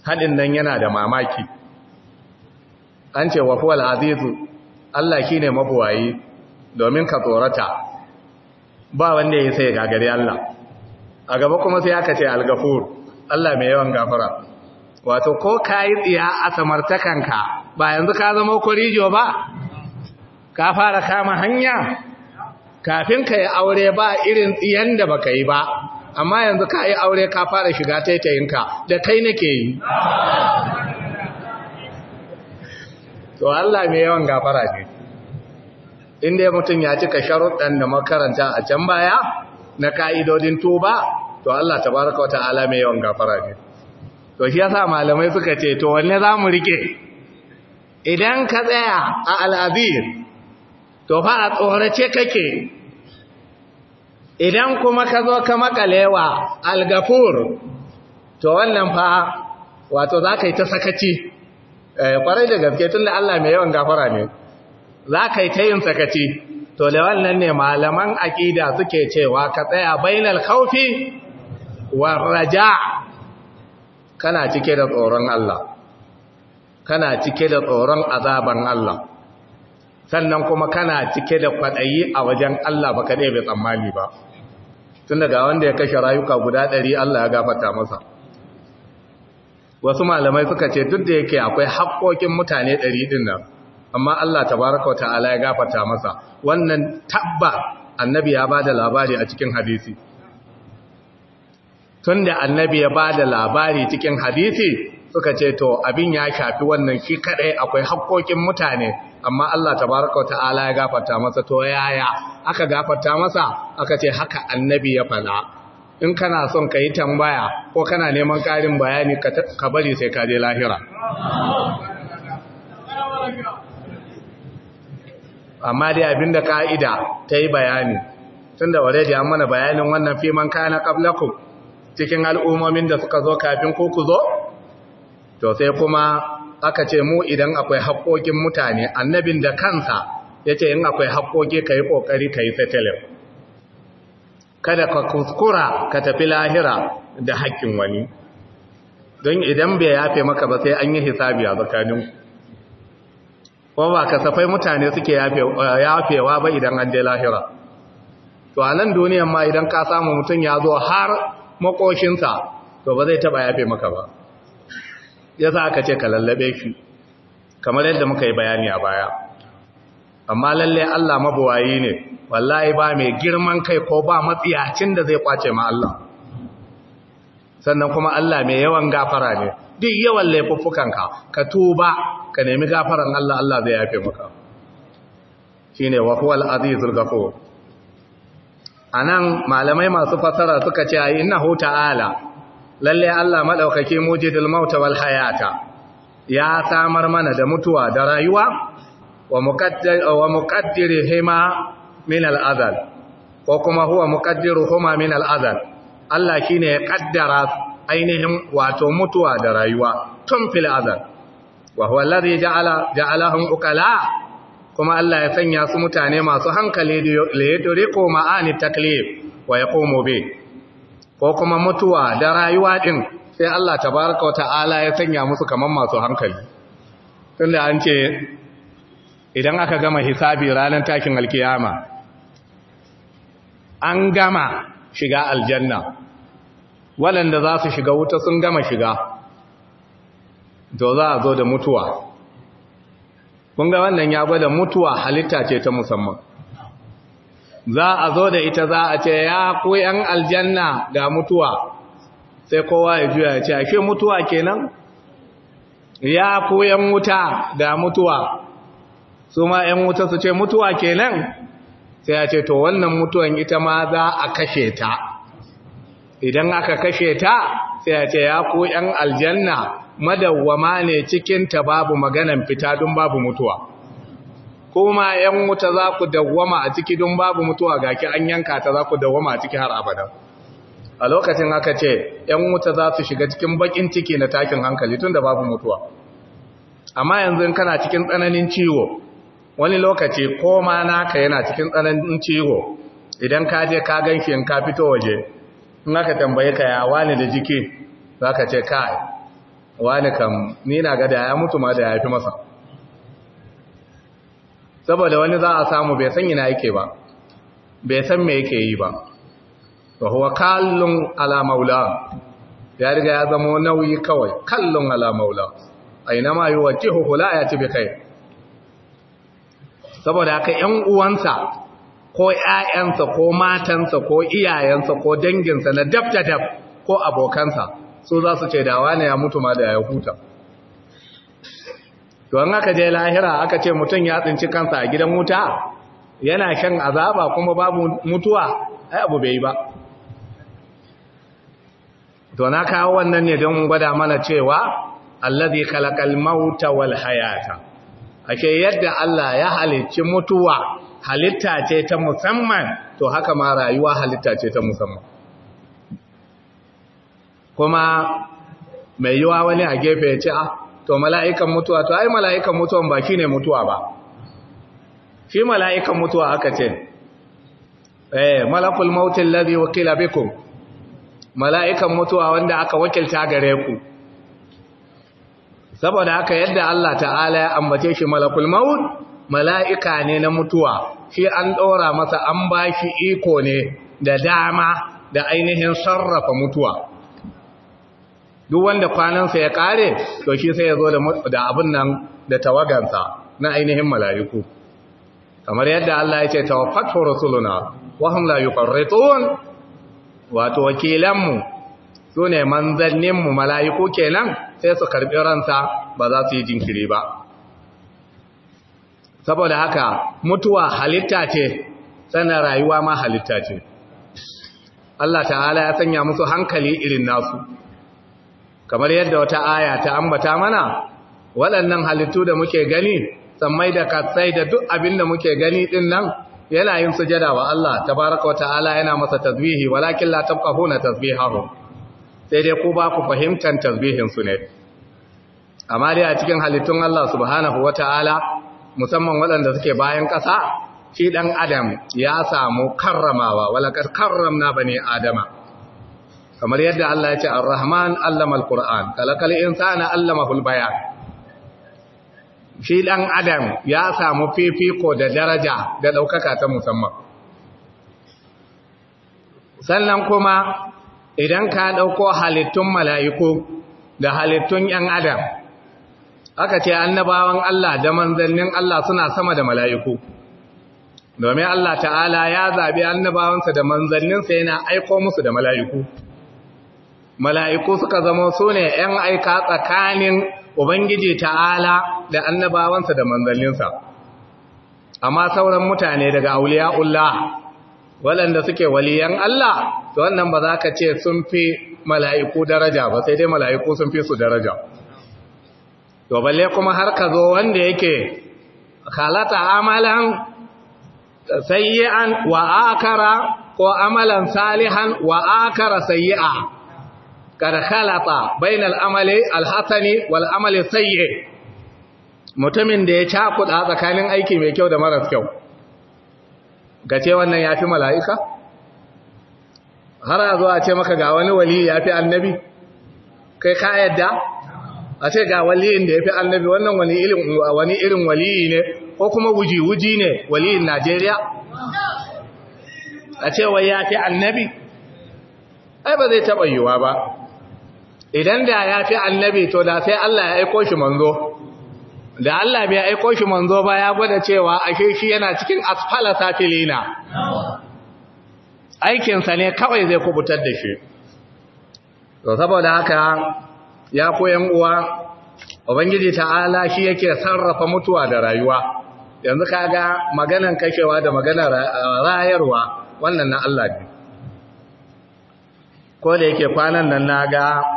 haɗin nan yana da mamaki an ce wafuwal azizu Allah shi ne mabuwayi domin ka tsorata ba wanda ya sai gagari Allah a gaba kuma sai aka ce algafur Allah mai yawan gafara wato ko ka yi tsiya a samartakanka ba yanzu ka zama kurijo ba ka fara kama hanya kafin ka yi aure ba irin tsiyan da baka yi ba amma yanzu ka yi aure ka fara shiga taitayinka da kai nake yi to Allah mai yawan gafara ne inda mutum ya cika sharuɗan da makaranta a can baya na ka'idodin tuba to Allah tabaraka wa ta'ala mai yawan gafara ne to shi yasa malamai suka ce to wanne za mu rike idan ka tsaya a al'azir to fa a tsorace kake idan kuma ka zo ka makalewa algafur to wannan fa wato za ka yi ta sakaci eh, kwarai da gaske tun da Allah mai yawan gafara ne za ka yi ta yin sakaci to da wannan ne malaman aƙida suke cewa ka tsaya bainal kaufi wa raja kana cike da tsoron Allah kana cike da tsoron azaban Allah sannan kuma kana cike da kwaɗayi a wajen Allah ba kaɗai bai tsammani ba tun daga wanda ya kashe rayuka guda ɗari Allah ya gafata masa wasu malamai suka ce duk da yake akwai haƙƙoƙin mutane ɗari ɗin nan amma Allah tabaraka ala ya gafata masa wannan tabba annabi ya ba da labari a cikin hadisi tun da annabi ya ba da labari cikin hadisi suka ce to abin ya shafi wannan shi kadai akwai hakkokin mutane amma Allah tabaraka ta'ala ya gafarta masa to yaya aka gafarta masa aka ce haka annabi ya fada in kana son ka yi tambaya ko kana neman ƙarin bayani ka bari sai ka je lahira amma dai abinda ka'ida ta yi bayani tun da wadai da mana bayanin wannan fiman kayan ƙablaku cikin al'ummomin da suka zo kafin ku ku zo to sai kuma aka ce mu idan akwai haƙoƙin mutane annabin da kansa ya ce in akwai haƙoƙi ka yi ƙoƙari ka yi fetelin kada ka kuskura ka tafi lahira da haƙƙin wani don idan bai yafe maka ba sai an yi hisabi a tsakanin ko ba kasafai mutane suke yafewa ba idan an je lahira to a nan duniyan ma idan ka samu mutum ya zo har maƙoshinsa, to ba zai taɓa yafe maka ba ya za aka ce ka lallabe shi kamar yadda muka yi bayani a baya amma lalle Allah mabuwayi ne wallahi ba mai girman kai ko ba matsiyacin da zai kwace ma Allah sannan kuma Allah mai yawan gafara ne duk yawan laifuffukanka ka tuba ka nemi gafaran Allah Allah zai yafe maka shine wa huwal azizul ghafur anan malamai masu fasara suka ce ai innahu ta'ala lalle Allah madaukake mujidul mauta wal hayata ya samar mana da mutuwa da rayuwa wa muqaddir wa min al azal ko kuma huwa muqaddiruhuma min al azal Allah shine ya kaddara ainihin wato mutuwa da rayuwa tun fil azal wa huwa alladhi ja'ala ja'alahum kuma Allah ya sanya su mutane masu hankali da yadriqu ma'ani taklif wa yaqumu bi ko kuma mutuwa da rayuwa din sai Allah tabaraka wa ta'ala ya sanya musu kaman masu hankali tunda an ce idan aka gama hisabi ranar takin alkiyama an gama shiga aljanna waɗanda za su shiga wuta sun gama shiga to za a zo da mutuwa kun ga wannan ya gwada mutuwa halitta ce ta musamman za a zo da ita za a ce ya ku yan aljanna ga mutuwa sai kowa ya juya ya ce ke mutuwa kenan ya ku yan wuta ga mutuwa su ma yan wuta su ce mutuwa kenan sai ya ce to wannan mutuwan ita ma za a kashe ta idan aka kashe ta sai ya ce ya ku yan aljanna madawwama ne cikinta babu maganan fita don babu mutuwa kuma ‘yan wuta za ku dawwama a ciki don babu mutuwa ga ki an yanka ta za ku dawwama a ciki har abada a lokacin haka ce ‘yan wuta za su shiga cikin bakin ciki na takin hankali tun da babu mutuwa amma yanzu kana cikin tsananin ciwo wani lokaci koma ma naka yana cikin tsananin ciwo idan ka je ka gan in ka fito waje in aka tambaye ka ya wani da jiki za ka ce kai wani kam ni na ga ya mutu ma da ya fi masa saboda wani za a samu bai san ina yake ba bai san me yake yi ba wa huwa kallun ala ya riga ya zama nauyi kawai kallun ala maula aina ma yuwajjihu hula ya ci bi kai saboda haka 'yan uwansa ko 'ya'yansa ko matansa ko iyayensa ko danginsa na dab da dab ko abokansa su za su ce dawa ne ya mutu ma da ya huta to an aka je lahira aka ce mutum ya tsinci kansa a gidan wuta yana shan azaba kuma babu mutuwa ai abu bai ba to na kawo wannan ne don gwada mana cewa allazi khalaqal mauta wal hayata ake yadda Allah ya halicci mutuwa halitta ce ta musamman to haka ma rayuwa halitta ce ta musamman kuma mai yiwa wani a gefe ya ce ah to mala'ikan mutuwa to ai mala'ikan mutuwan ba shi ne mutuwa ba shi mala'ikan mutuwa aka ce eh malakul mautin ladhi wakila biku. mala'ikan mutuwa wanda aka wakilta gare ku saboda haka yadda Allah ta'ala ya ambace shi malakul maut mala'ika ne na mutuwa shi an ɗora masa an ba shi iko ne da dama da ainihin sarrafa mutuwa duk wanda kwanansa ya kare to shi sai ya zo da abin nan da tawagansa na ainihin mala'iku kamar yadda Allah ya ce tawaffatu rusuluna wa hum la yuqarritun wato wakilanmu so ne mu mala'iku kenan sai su karbi ransa ba za su yi jinkiri ba saboda haka mutuwa halitta ce sana rayuwa ma halitta ce Allah ta'ala ya sanya musu hankali irin nasu kamar yadda wata aya ta ambata mana waɗannan halittu da muke gani sammai da katsai da duk abin da muke gani ɗin nan yana yin sujada wa Allah tabaraka ala yana masa tasbihi walakin la tafqahuna tasbihahu, sai dai ku ba ku fahimtan tasbihin su ne amma dai a cikin halittun Allah subhanahu wata'ala musamman waɗanda suke bayan ƙasa shi dan adam ya samu karramawa walakar karramna bani adama kamar yadda Allah ya ce ar-rahman allama al-qur'an kalakal insana allama bayan shi dan adam ya samu fifiko da daraja da daukaka ta musamman sannan kuma idan ka dauko halittun mala'iku da halittun yan adam aka ce annabawan Allah da manzannin Allah suna sama da mala'iku domin Allah ta'ala ya zaɓi annabawansa da manzanninsa yana aiko musu da mala'iku mala'iku suka zama su ne ‘yan aika tsakanin Ubangiji ta'ala da annabawansa da manzanninsa, amma sauran mutane daga auliya'ullah waɗanda suke waliyan Allah, to wannan ba za ka ce sun fi mala'iku daraja ba sai dai mala'iku sun fi su daraja. To balle kuma har ka zo wanda yake halata amalan sayyi'an wa'akara ko amalan salihan wa'akara sayi'a qad khalata bainal amali alhasani wal amali sayyi mutumin da ya chakuda tsakanin aiki mai kyau da maras kyau gace wannan yafi mala'ika har a a ce maka ga wani wali yafi annabi kai ka yadda a ce ga waliyin da yafi annabi wannan wani irin wani irin wali ne ko kuma wuji wuji ne waliyin Najeriya a ce wai yafi annabi ai ba zai taɓa yiwuwa ba idan da ya fi annabi to da sai Allah ya aiko shi manzo da Allah bai aiko shi manzo ba ya gwada cewa ashe shi yana cikin asfala safilina aikinsa ne kawai zai kubutar da shi to saboda haka ya koyan uwa ubangiji ta'ala shi yake sarrafa mutuwa da rayuwa yanzu kaga maganar kashewa da maganar rayarwa wannan na Allah ne ko da yake kwanan nan naga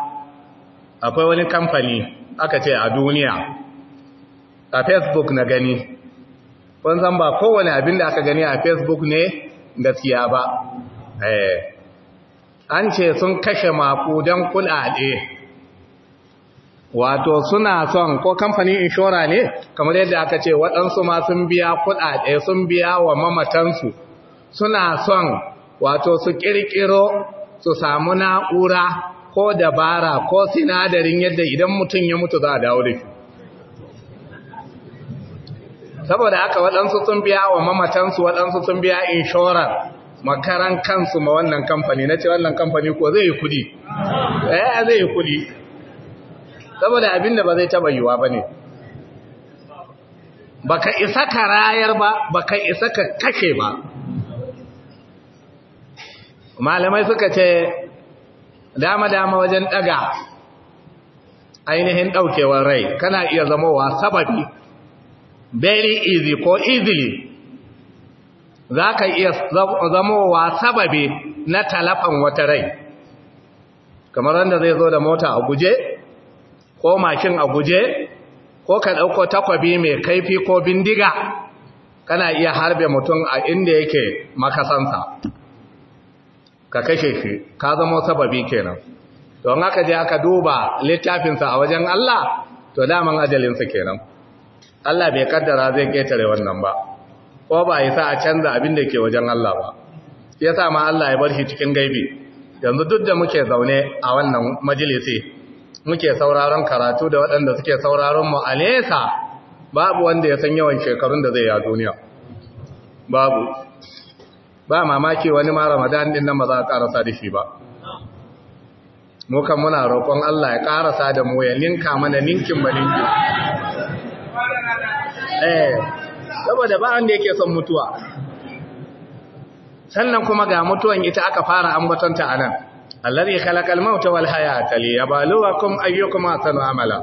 akwai wani kamfani aka ce a duniya a facebook na gani kun zan ba kowane abin da aka gani a facebook ne gaskiya ba eh, an ce sun kashe makudan kulade wato suna son ko kamfanin inshora ne kamar yadda aka ce waɗansu ma sun biya kuɗaɗe sun biya wa mamatansu suna son wato su ƙirƙiro su samu na'ura ko dabara ko sinadarin yadda idan mutum ya mutu za a dawo da saboda haka waɗansu sun biya wa mamatansu waɗansu sun biya inshorar makaran kansu ma wannan kamfani na ce wannan kamfani ko zai yi kudi Ya eh, zai yi kudi saboda abin da ba zai taɓa yiwa ba ne ba ka isa ka rayar ba ba ka isa ka kashe ba malamai suka ce dama-dama wajen ɗaga ainihin ɗaukewar rai kana iya zamowa sababi very easy ko easily za ka iya zamowa sababi na talafan wata rai kamar wanda zai zo da mota a guje ko makin a guje ko ka ɗauko takwabi mai kaifi ko bindiga kana iya harbe mutum a inda yake makasansa ka kashe shi ka zama sababi kenan don aka je aka duba littafinsa a wajen Allah to daman ajalinsa kenan Allah bai kaddara zai ketare wannan ba ko ba ya sa a canza abin da ke wajen Allah ba ya sa ma Allah ya bar shi cikin gaibi yanzu duk da muke zaune a wannan majalisi muke sauraron karatu da waɗanda suke sauraron mu a nesa babu wanda ya san yawan shekarun da zai ya duniya babu ba mamaki wani ma ramadan din nan ba za a karasa da shi ba mukan muna roƙon Allah ya karasa da mu ya ninka mana ninkin balinki eh saboda ba wanda yake son mutuwa sannan kuma ga mutuwan ita aka fara ambatonta anan allazi khalaqal mauta wal hayata liyabluwakum ayyukum ahsanu amala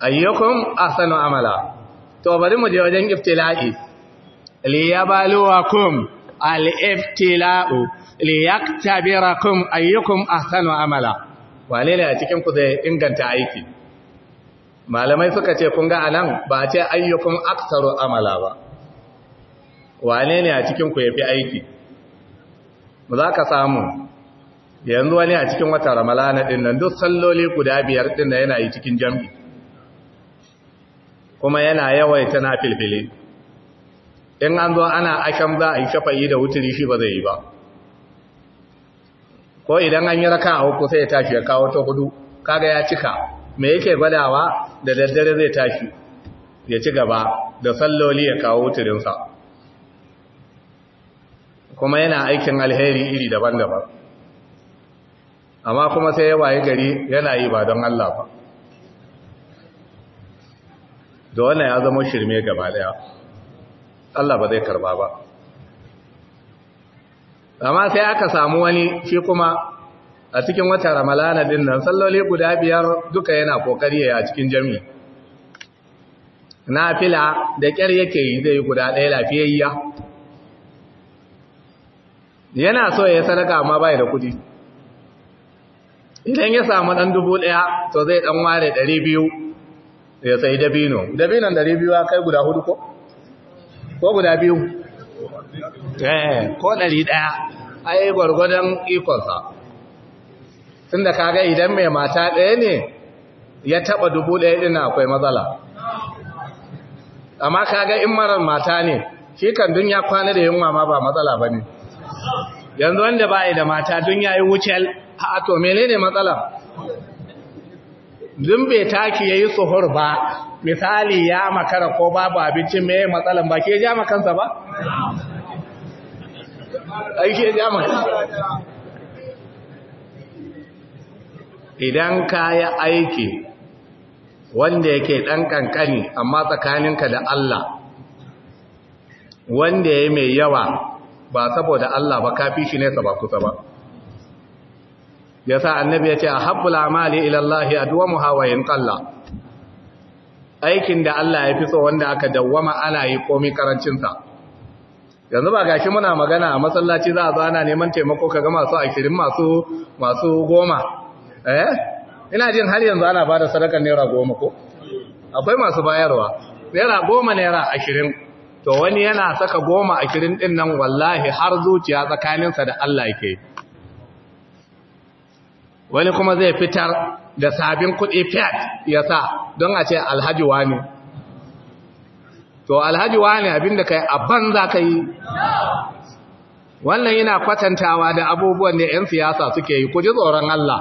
ayyukum ahsanu amala to bari mu je wajen iftila'i liyabluwakum al-ibtila'u liyaktabirakum ayyukum ahsanu amala wane ne a cikin ku zai inganta aiki malamai suka ce kun ga anan ba ce ayyukum aksaru amala ba wane ne a cikin ku fi aiki za ka samu yanzu wani a cikin wata ramalana ɗin nan duk salloli guda biyar din yana yi cikin jam'i kuma yana yawaita na filfili in an zo ana asham za a yi shafayi da wuturi shi ba zai yi ba ko idan an yi raka a hukusa ya tashi ya kawo ta hudu kaga ya cika mai yake gwadawa da daddare zai tashi ya ci gaba da salloli ya kawo wuturinsa kuma yana aikin alheri iri daban-daban amma kuma sai ya waye gari yana yi ba don Allah ba da wannan ya zama shirme gaba daya Allah ba zai karba ba amma sai aka samu wani shi kuma a cikin wata ramalana din nan salloli guda biyar duka yana kokari a cikin jami na fila da ƙyar yake yi zai guda ɗaya lafiyayya yana so ya sadaka amma bai da kudi idan ya samu ɗan dubu ɗaya to zai ɗan ware ɗari biyu ya sai dabino dabinon ɗari biyu ya kai guda hudu ko ko guda biyu eh ko ɗari ɗaya ai gwargwadon ikonsa tun da kaga idan mai mata ɗaya ne ya taɓa dubu ɗaya din akwai matsala amma kaga in maran mata ne shi kan dunya kwana da yunwa ma ba matsala ba ne yanzu wanda ba da mata dunya ya yi wucel a to menene matsala dun bai taki ya yi ba misali ya makara ko babu abinci mai matsalan ba ke ja makansa ba ai ke ja idan ka yi aiki wanda yake ɗan ƙanƙani amma tsakaninka da Allah wanda ya mai yawa ba saboda Allah ba kafi shi ne saba kusa ba ya sa annabi ya ce a haɓula mali ilallahi a duwa muhawayin ƙalla aikin da Allah ya fi so wanda aka dawwama ana yi komai karancinsa yanzu ba gashi muna magana a masallaci za a zana neman taimako kaga masu akirin masu masu goma eh ina jin har yanzu ana bada sadakar naira goma ko akwai masu bayarwa naira goma naira ashirin to wani yana saka goma ashirin din nan wallahi har zuciya tsakaninsa da Allah yake wani kuma zai fitar da sabin kuɗi fiat ya sa don a ce alhaji wani to alhaji wani abinda kai a za ka yi wannan yana kwatantawa da abubuwan da 'yan siyasa suke yi ku ji tsoron Allah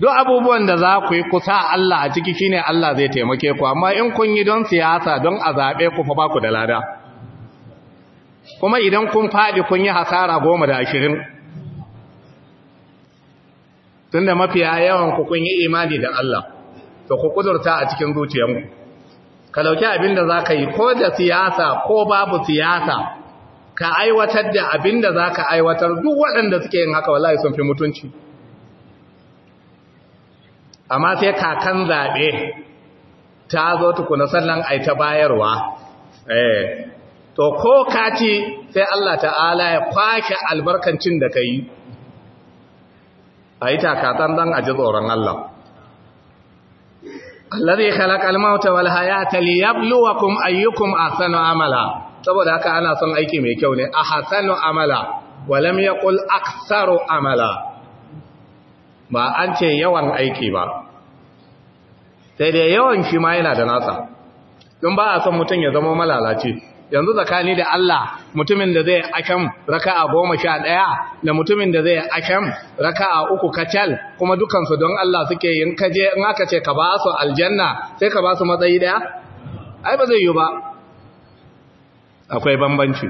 duk abubuwan da za ku yi kusa Allah a ciki shine Allah zai taimake ku amma in kun yi don siyasa don a zaɓe ku fa ba ku da lada kuma idan kun faɗi kun yi hasara goma da ashirin Sunda mafiya yawan ku yi imani da Allah to ku kudurta a cikin zuciyarku ka dauki abin da ka yi ko da siyasa ko babu siyasa ka aiwatar da abin da ka aiwatar duk waɗanda suke yin haka wallahi sun fi mutunci amma sai kakan zaɓe ta zo tukuna sannan ai ta bayarwa eh, to ko kaci sai Allah ta'ala ya kwashe albarkancin da ka yi. a yi takatandan a ji tsoron Allah Allah allazi khalaqal mauta wal hayata kuma ayyukum ahsanu amala saboda haka ana son aiki mai kyau ne ahsanu amala walam yaqul aktharu amala ba an ce yawan aiki ba sai dai yawan shi ma yana da nasa don ba a son mutum ya zama malalaci yanzu tsakani da Allah mutumin da zai akam raka'a goma sha ɗaya da mutumin da zai akam raka'a uku kacal kuma dukansu don Allah suke yin kaje in aka ce ka ba su aljanna sai ka ba su matsayi ɗaya ai ba zai yi ba akwai bambanci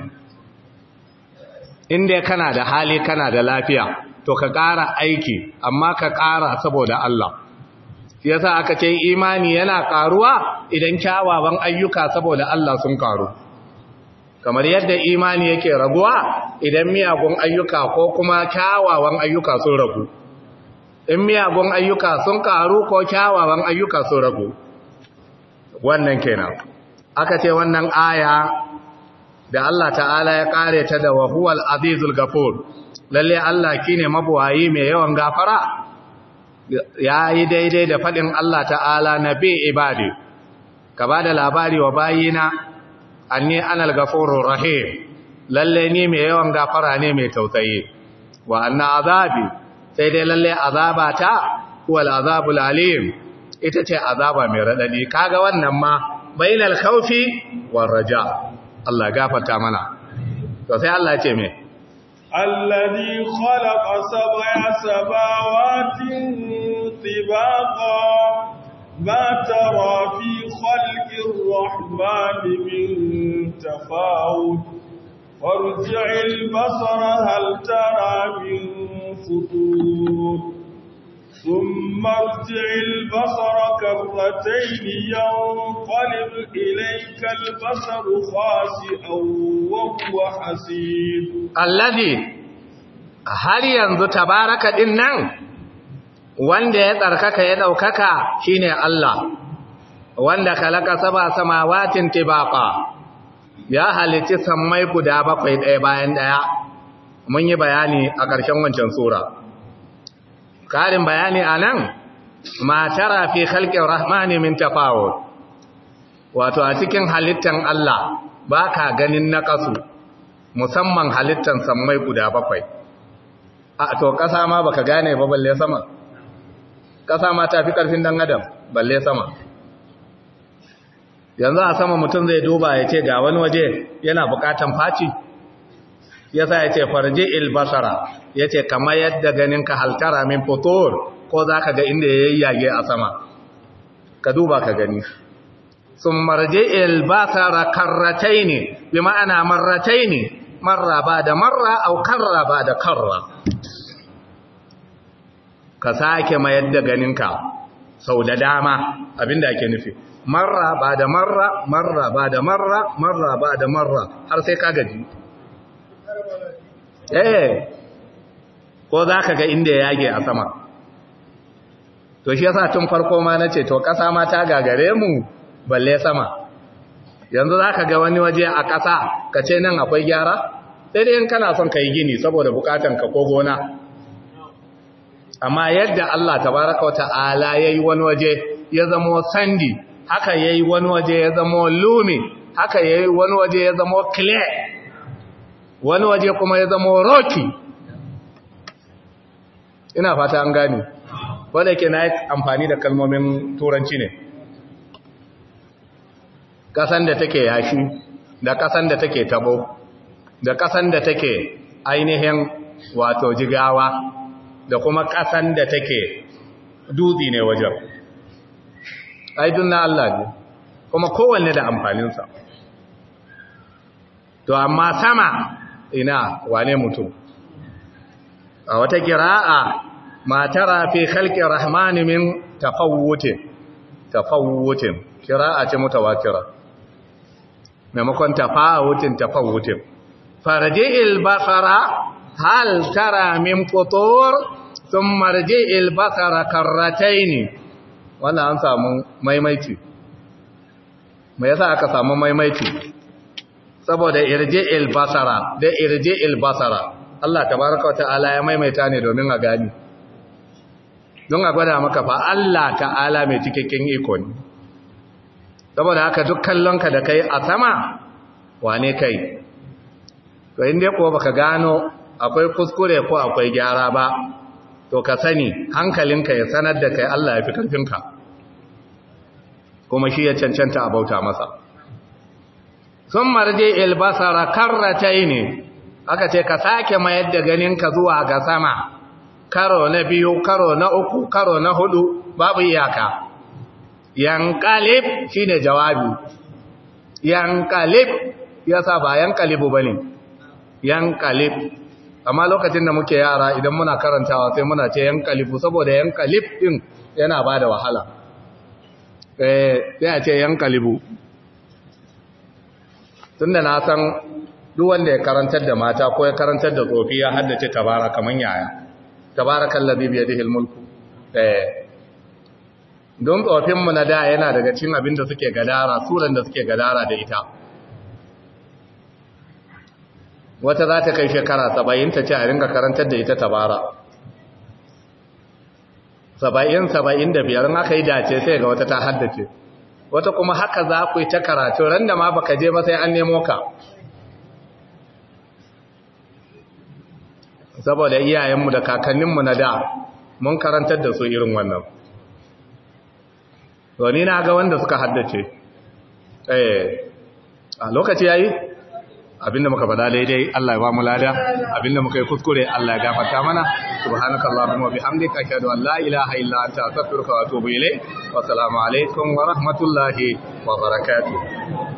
inda kana da hali kana da lafiya to ka ƙara aiki amma ka ƙara saboda Allah yasa aka ce imani yana ƙaruwa idan kyawawan ayyuka saboda Allah sun ƙaru kamar yadda imani yake raguwa idan miyagun ayyuka ko kuma kyawawan ayyuka sun ragu in miyagun ayyuka sun karu ko kyawawan ayyuka sun ragu wannan kenan aka ce wannan aya da Allah ta'ala ya kare ta da wahuwal azizul gafur lalle Allah kine mabuwayi mai yawan gafara ya yi daidai da faɗin Allah ta'ala na bi ibadi ka ba da labari wa bayina anni anal ghafurur rahim lalle ni mai yawan gafara ne mai tausayi wa anna azabi sai dai lalle azaba ta huwal azabul alim ita ce azaba mai radadi kaga wannan ma bainal khawfi war raja Allah gafarta mana to sai Allah ce me alladhi khalaqa sab'a samawati tibaqa ما ترى في خلق الرحمن من تفاوت وارجع البصر هل ترى من فطور ثم ارجع البصر كرتين ينقلب إليك البصر خاسئا وهو حسين الذي هل ينظر تبارك إنه wanda ya tsarkaka ya ɗaukaka shine Allah wanda kalaka saba samawatin tibaqa ya halitti samai guda bakwai ɗaya bayan ɗaya mun yi bayani a ƙarshen wancan sura karin bayani a nan ma tara fi khalqin rahmani min tafawut wato a cikin halittan Allah baka ganin naqasu musamman halittan samai guda bakwai a to ƙasa ma baka gane ba balle sama ƙasa ma ta fi ƙarfin ɗan adam balle sama yanzu a sama mutum zai duba ya ce ga wani waje yana buƙatan faci ya sa ya ce farji ilbasara ya ce kamar yadda ganin ka haltara min fotor ko za ka ga inda ya yage a sama ka duba ka gani sun marje ilbasara karratai ne bi ma'ana marratai ne marra ba da marra au karra ba da karra ka sake mayar da ganinka sau da dama abinda ake nufi marra ba da marra marra ba da marra marra ba da marra har sai ka gaji eh ko za ka ga inda ya yage a sama to shi yasa tun farko ma na ce to ƙasa ma ta gagare mu balle sama yanzu za ka ga wani waje a ƙasa ka ce nan akwai gyara sai dai in kana son ka yi gini saboda bukatanka ko gona amma yadda Allah tabaraka wa ta'ala yayi wani waje ya zama sandi haka yayi wani waje ya zama lumi haka yayi wani waje ya zama clear wani waje kuma ya zama rocky ina fata an gane wanda yake na amfani da kalmomin turanci ne kasan da take yashi da kasan da take tabo da kasan da take ainihin wato jigawa da kuma ƙasan da take dutse ne wajen aidun na Allah ne kuma kowanne da amfaninsa to amma sama ina wane mutum a wata kira'a matara fi khalqi rahmani min tafawutin tafawutin kira'a ce mutawatira maimakon tafawutin tafawutin farji'il basara hal tara min fitur sun marji ilbasara karratai ne wannan an samu maimaiti mai yasa aka samu maimaiti saboda irji ilbasara da irji ilbasara Allah tabaaraka wa ta'ala ya maimaita ne domin a gani don a gwada maka fa Allah ta'ala mai cikakken iko ne saboda haka duk kallonka da kai a sama wane kai to inda ko baka gano akwai kuskure ko akwai gyara ba to ka sani hankalinka ya sanar da kai Allah ya fi karfinka kuma shi ya cancanta a bauta masa sun marje ilbasara karrata ne aka ce ka sake mayar da ganinka zuwa ga sama karo na biyu karo na uku karo na hudu babu iyaka yankalib shine jawabi yankalib sa ba yankalibu bane yankalib amma lokacin da muke yara idan muna karantawa sai muna ce yan kalifu saboda yan kalif din yana ba da wahala eh sai a ce yan kalibu tunda na san duk ya karantar da mata ko ya karantar da tsofi ya haddace tabara kaman yaya Tabara labib ya dihil mulku eh. don tsofinmu na da yana daga cikin abin da suke gadara suran da suke gadara da ita wata za ta kai shekara saba'in ta ce a ringa karantar da ita tabara saba'in saba'in da biyar aka yi dace sai ga wata ta haddace wata kuma haka za ku yi ta karatu ran da ma baka je masai an nemo ka saboda iyayenmu da kakanninmu na da mun karantar da su irin wannan to ni na ga wanda suka haddace eh, a lokaci ya yi? abinda muka faɗa daidai Allah ya ba mu lada abinda muka yi kuskure Allah ya gafarta mana subhanaka allahumma bihamdika ashhadu an la ilaha illa anta astaghfiruka wa atubu ilayk wa assalamu alaikum wa rahmatullahi wa barakatuh